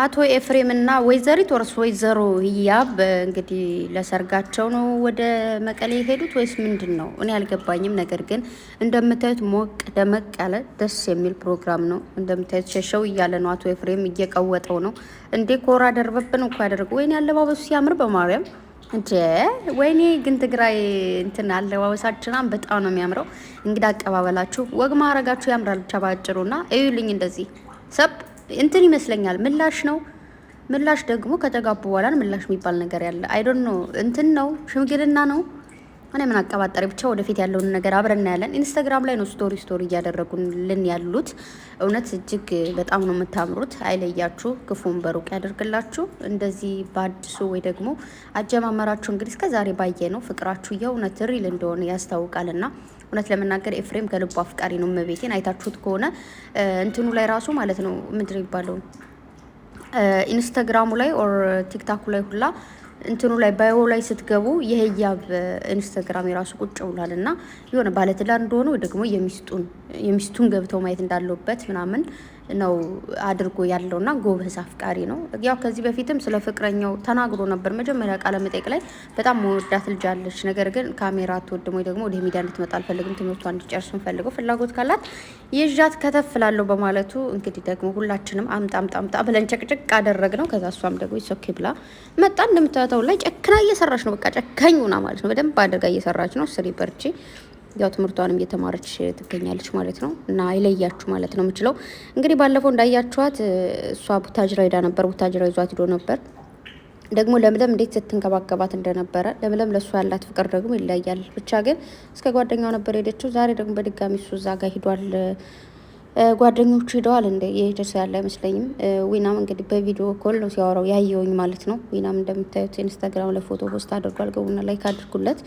አቶ ኤፍሬም እና ወይዘሪት ወርስ ወይዘሮ ህያብ እንግዲህ ለሰርጋቸው ነው ወደ መቀሌ የሄዱት ወይስ ምንድን ነው? እኔ አልገባኝም። ነገር ግን እንደምታዩት ሞቅ ደመቅ ያለ ደስ የሚል ፕሮግራም ነው። እንደምታዩት ሸሸው እያለ ነው አቶ ኤፍሬም እየቀወጠው ነው። እንዴ ኮራ ደርበብን እኮ ያደርገ ወይኔ አለባበሱ ሲያምር በማርያም እንደ ወይኔ ግን ትግራይ እንትን አለባበሳችናን በጣም ነው የሚያምረው። እንግዲህ አቀባበላችሁ፣ ወግ ማረጋችሁ ያምራል። ብቻ ባጭሩና እዩልኝ እንደዚህ ሰብ እንትን ይመስለኛል ምላሽ ነው። ምላሽ ደግሞ ከተጋቡ በኋላ ምላሽ የሚባል ነገር ያለ አይዶን ነው። እንትን ነው ሽምግልና ነው። እኔ ምን አቀባጠሪ ብቻ ወደፊት ያለውን ነገር አብረን እናያለን። ኢንስታግራም ላይ ነው ስቶሪ ስቶሪ እያደረጉልን ያሉት። እውነት እጅግ በጣም ነው የምታምሩት። አይለያችሁ፣ ክፉን በሩቅ ያደርግላችሁ። እንደዚህ በአዲሱ ወይ ደግሞ አጀማመራችሁ እንግዲህ እስከዛሬ ባየ ነው ፍቅራችሁ የእውነት ሪል እንደሆነ ያስታውቃልና እውነት ለመናገር ኤፍሬም ከልቡ አፍቃሪ ነው። መቤቴን አይታችሁት ከሆነ እንትኑ ላይ ራሱ ማለት ነው ምንድን ይባለው ኢንስታግራሙ ላይ ኦር ቲክታኩ ላይ ሁላ እንትኑ ላይ ባዮ ላይ ስትገቡ የህያብ ኢንስታግራም የራሱ ቁጭ ብሏል እና የሆነ ባለትዳር እንደሆነ ወይ ደግሞ የሚስቱን ገብተው ማየት እንዳለበት ምናምን ነው አድርጎ ያለው ያለውና ጎበዝ አፍቃሪ ነው። ያው ከዚህ በፊትም ስለ ፍቅረኛው ተናግሮ ነበር። መጀመሪያ ቃለ መጠይቅ ላይ በጣም መወዳት ልጅ አለች፣ ነገር ግን ካሜራ አትወድም ወይ ደግሞ ወደ ሚዲያ እንድትመጣ አልፈልግም፣ ትምህርቷ እንዲጨርስ ፈልገው ፍላጎት ካላት ይዣት ከተፍላለሁ በማለቱ እንግዲህ ደግሞ ሁላችንም አምጣ አምጣ አምጣ ብለን ጭቅጭቅ አደረግ ነው። ከዛ እሷም ደግሞ ይሶኬ ብላ መጣ። እንደምታተው ላይ ጨክና እየሰራች ነው። በቃ ጨካኝ ሆና ማለት ነው። በደንብ አድርጋ እየሰራች ነው። ስሪ በርቺ ያው ትምህርቷንም እየተማረች ትገኛለች ማለት ነው። እና አይለያችሁ ማለት ነው የምችለው እንግዲህ ባለፈው እንዳያችኋት እሷ ቡታጅራ ሄዳ ነበር። ቡታጅራ ይዟት ሂዶ ነበር ደግሞ ለምለም እንዴት ስትንከባከባት እንደነበረ ለምለም ለእሱ ያላት ፍቅር ደግሞ ይለያል። ብቻ ግን እስከ ጓደኛው ነበር ሄደችው። ዛሬ ደግሞ በድጋሚ እሱ እዛ ጋር ሂዷል። ጓደኞቹ ሄደዋል እንደ የሄደርስ ያለ አይመስለኝም። ዊናም እንግዲህ በቪዲዮ ኮል ነው ሲያወራው ያየውኝ ማለት ነው። ዊናም እንደምታዩት ኢንስታግራም ላይ ፎቶ ፖስት አድርጓል። ገቡና ላይክ አድርጉለት።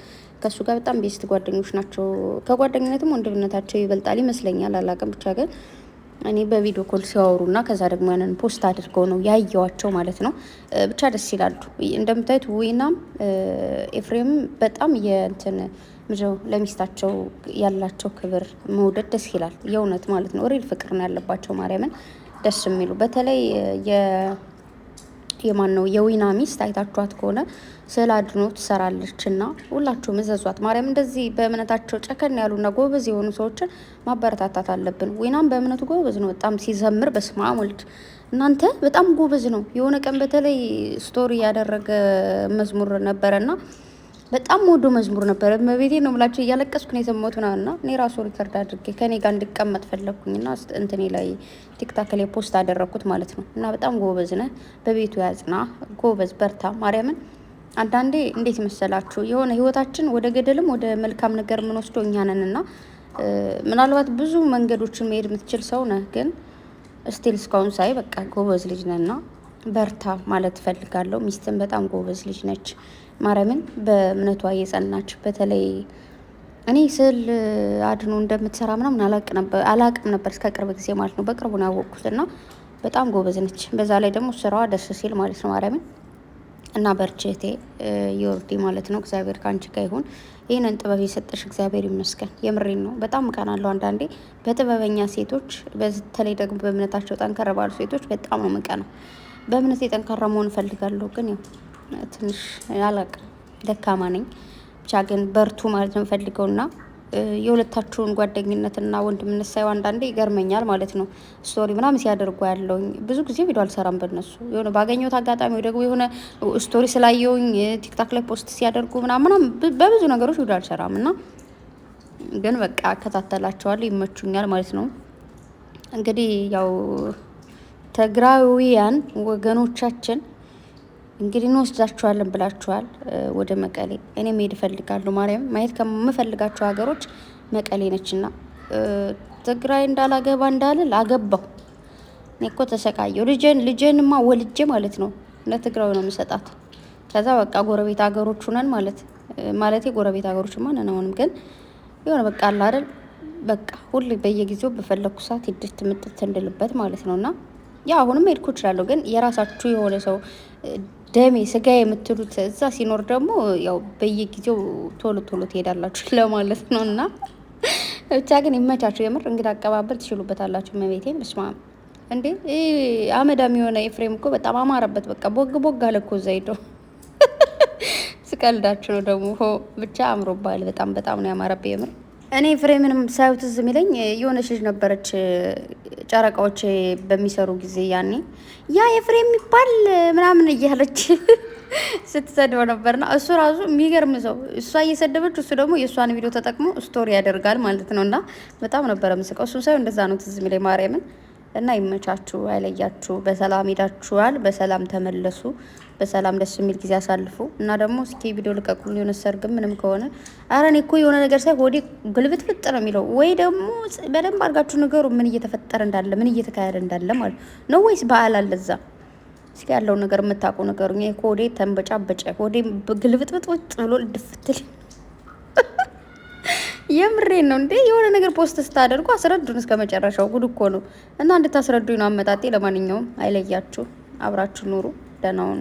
ከእሱ ጋር በጣም ቤስት ጓደኞች ናቸው። ከጓደኝነትም ወንድምነታቸው ይበልጣል ይመስለኛል፣ አላቅም። ብቻ ግን እኔ በቪዲዮ ኮል ሲያወሩ እና ከዛ ደግሞ ያንን ፖስት አድርገው ነው ያየዋቸው ማለት ነው። ብቻ ደስ ይላሉ። እንደምታዩት ዊናም ኤፍሬም በጣም የእንትን ምድው ለሚስታቸው ያላቸው ክብር መውደድ ደስ ይላል። የእውነት ማለት ነው። ሪል ፍቅር ነው ያለባቸው። ማርያምን ደስ የሚሉ በተለይ የማን ነው የዊና ሚስት አይታችኋት ከሆነ ስለ አድኖ ትሰራለች። እና ሁላችሁም እዘዟት። ማርያም እንደዚህ በእምነታቸው ጨከን ያሉና ጎበዝ የሆኑ ሰዎችን ማበረታታት አለብን። ዊናም በእምነቱ ጎበዝ ነው በጣም ሲዘምር፣ በስመ አብ ወልድ እናንተ በጣም ጎበዝ ነው። የሆነ ቀን በተለይ ስቶሪ ያደረገ መዝሙር ነበረና በጣም ወዶ መዝሙር ነበረ። በቤቴ ነው ምላቸው እያለቀስኩ ነው የሰማሁት ምናምን እና እኔ ራሱ ሪከርድ አድርጌ ከኔ ጋር እንድቀመጥ ፈለግኩኝና እንትኔ ላይ ቲክታክ ላይ ፖስት አደረግኩት ማለት ነው። እና በጣም ጎበዝ ነ በቤቱ ያጽና፣ ጎበዝ በርታ። ማርያምን አንዳንዴ እንዴት መሰላችሁ የሆነ ህይወታችን ወደ ገደልም ወደ መልካም ነገር ምንወስዶ እኛ እና ምናልባት ብዙ መንገዶችን መሄድ የምትችል ሰው ነህ፣ ግን ስቲል እስካሁን ሳይ በቃ ጎበዝ ልጅ ነህና በርታ ማለት እፈልጋለሁ። ሚስትን በጣም ጎበዝ ልጅ ነች። ማርያምን በእምነቷ የጸናች በተለይ እኔ ስል አድኖ እንደምትሰራ ምናምን አላቅም ነበር እስከ ቅርብ ጊዜ ማለት ነው። በቅርቡ ነው ያወቅኩት እና በጣም ጎበዝ ነች። በዛ ላይ ደግሞ ስራዋ ደስ ሲል ማለት ነው። ማርያምን እና በርቼቴ የወርዲ ማለት ነው። እግዚአብሔር ከአንቺ ጋር ይሁን። ይህንን ጥበብ የሰጠሽ እግዚአብሔር ይመስገን። የምሬን ነው። በጣም እቀናለሁ አንዳንዴ በጥበበኛ ሴቶች፣ በተለይ ደግሞ በእምነታቸው ጠንከር ባሉ ሴቶች በጣም ነው የምቀናው። በእምነት የጠንካራ መሆን እፈልጋለሁ፣ ግን ያው ትንሽ አላቅም ደካማ ነኝ። ብቻ ግን በርቱ ማለት ነው ና የሁለታችሁን ጓደኝነትና ወንድምነት ሳይው አንዳንዴ ይገርመኛል ማለት ነው። ስቶሪ ምናምን ሲያደርጉ ያለውኝ ብዙ ጊዜ ቪዲዮ አልሰራም በነሱ የሆነ ባገኘሁት አጋጣሚ ደግሞ የሆነ ስቶሪ ስላየውኝ ቲክታክ ላይ ፖስት ሲያደርጉ ምናምን በብዙ ነገሮች ቪዲዮ አልሰራም እና ግን በቃ እከታተላቸዋለሁ፣ ይመቹኛል ማለት ነው። እንግዲህ ያው ትግራዊያን ወገኖቻችን እንግዲህ እንወስዳችኋለን ብላችኋል ወደ መቀሌ። እኔ መሄድ እፈልጋለሁ። ማርያም ማየት ከምፈልጋቸው ሀገሮች መቀሌ ነችና ትግራይ እንዳላገባ እንዳልል አገባሁ። እኔ እኮ ተሰቃየሁ። ልጄን ልጄንማ ወልጄ ማለት ነው እንደ ትግራዊ ነው የምሰጣት። ከዛ በቃ ጎረቤት ሀገሮች ሁነን ማለት ማለት ጎረቤት ሀገሮች ማንን አሁንም ግን የሆነ በቃ አለ በቃ ሁሌ በየጊዜው በፈለግኩ ሰዓት ይድስት ምጥት እንድልበት ማለት ነው እና ያ አሁንም ሄድኩ እችላለሁ። ግን የራሳችሁ የሆነ ሰው ደሜ ስጋ የምትሉት እዛ ሲኖር ደግሞ ያው በየጊዜው ቶሎ ቶሎ ትሄዳላችሁ ለማለት ነው። እና ብቻ ግን ይመቻችሁ። የምር እንግዳ አቀባበል ትችሉበታላችሁ። መቤቴ ስማ እንዴ አመዳም የሆነ ኤፍሬም እኮ በጣም አማረበት። በቃ ቦግ ቦግ አለ እኮ እዛ ሄዶ ስቀልዳችሁ ነው ደግሞ ብቻ አምሮባል። በጣም በጣም ነው ያማረብ የምር እኔ ኤፍሬምንም ሳዩት ዝም ይለኝ የሆነች ልጅ ነበረች ጨረቃዎች በሚሰሩ ጊዜ ያኔ ያ የፍሬ የሚባል ምናምን እያለች ስትሰድበው ነበርና እሱ ራሱ የሚገርም ሰው እሷ እየሰደበች እሱ ደግሞ የእሷን ቪዲዮ ተጠቅሞ ስቶሪ ያደርጋል ማለት ነው። እና በጣም ነበረ ምስቀው እሱ ሰው እንደዛ ነው ትዝ የሚለኝ ማርያምን እና ይመቻችሁ፣ አይለያችሁ። በሰላም ሄዳችኋል፣ በሰላም ተመለሱ፣ በሰላም ደስ የሚል ጊዜ አሳልፉ። እና ደግሞ እስኪ ቪዲዮ ልቀቁ፣ የሆነ ሰርግም ምንም ከሆነ አረ እኔ እኮ የሆነ ነገር ሳይ ሆዴ ግልብጥብጥ ነው የሚለው። ወይ ደግሞ በደንብ አድርጋችሁ ነገሩ ምን እየተፈጠረ እንዳለ፣ ምን እየተካሄደ እንዳለ ማለት ነው። ወይስ በዓል አለ እዛ? እስኪ ያለውን ነገር የምታውቁ ነገሩ። እኔ ሆዴ ተንበጫበጨ፣ ሆዴ ግልብጥብጥ ውጥ ብሎ ድፍትል የምሬን ነው እንዴ! የሆነ ነገር ፖስት ስታደርጉ አስረዱን እስከ መጨረሻው። ጉድ እኮ ነው እና እንድታስረዱኝ ነው አመጣጤ። ለማንኛውም አይለያችሁ፣ አብራችሁ ኑሩ። ደህና ሁኑ።